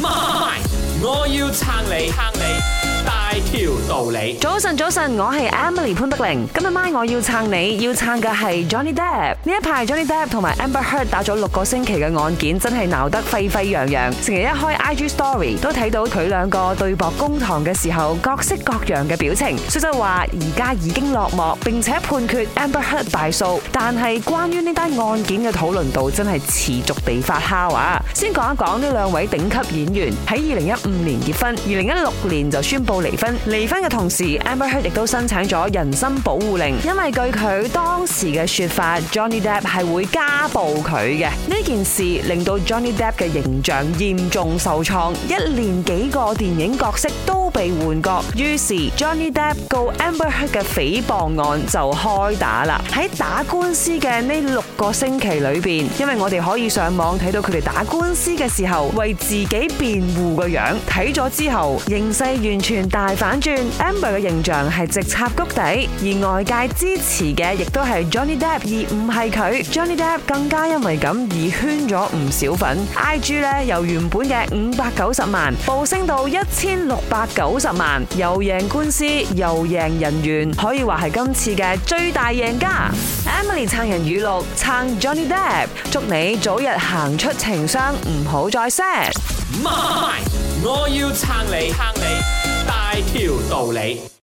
m 我要撐你，撐你大條道理。早晨，早晨，我係 Emily 潘德玲。今日晚我要撐你，要撐嘅係 Johnny Depp。呢一排 Johnny Depp 同埋 Amber Heard 打咗六個星期嘅案件真是鬧淚淚淚淚，真係鬧得沸沸揚揚。成日一開 IG Story 都睇到佢兩個對簿公堂嘅時候，各式各樣嘅表情。所以就說真話，而家已經落幕，並且判決 Amber Heard 敗訴，但係關於呢單案件嘅討論度真係持續地發酵啊！先講一講呢兩位頂級演員喺二零一五年結婚，二零一六年就宣布離婚。離婚嘅同時，Amber Heard 亦都申請咗人身保護令，因為據佢當時嘅說法，Johnny Depp 係會家暴佢嘅。呢件事令到 Johnny Depp 嘅形象嚴重受創，一連幾個電影角色都被換角。於是 Johnny Depp 告 Amber Heard 嘅誹謗案就開打啦。喺打官司嘅呢六個星期裏邊，因為我哋可以上網睇到佢哋打官司。官司嘅時候為自己辯護個樣睇咗之後形勢完全大反轉，Amber 嘅形象係直插谷底，而外界支持嘅亦都係 Johnny Depp 而唔係佢。Johnny Depp 更加因為咁而圈咗唔少粉，IG 咧由原本嘅五百九十萬暴升到一千六百九十萬，又贏官司又贏人緣，可以話係今次嘅最大贏家。Emily 撐人語錄撐 Johnny Depp，祝你早日行出情傷。唔好再 set，我要撐你，撐你大條道理。